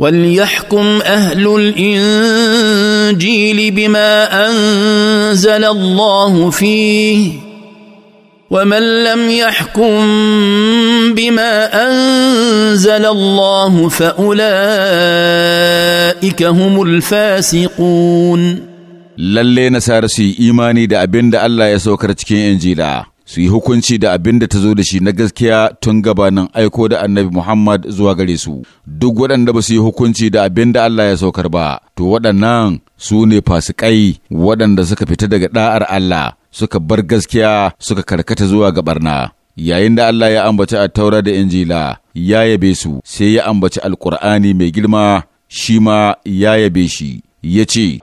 وليحكم اهل الانجيل بما انزل الله فيه ومن لم يحكم بما انزل الله فاولئك هم الفاسقون للي نسارسي ايماني imani da abin da su yi hukunci da abin da ta zo da shi na gaskiya tun gabanin aiko da annabi Muhammad zuwa gare su. Duk waɗanda ba su yi hukunci da abin da Allah ya saukar ba, to waɗannan su ne fasikai waɗanda suka fita daga ɗa'ar Allah, suka bar gaskiya suka karkata zuwa ga barna. Yayin da Allah ya ambaci a taura da Injila, ya yabe su, sai ya ambaci Alƙur'ani mai girma, shi ma ya yabe shi, ya ce,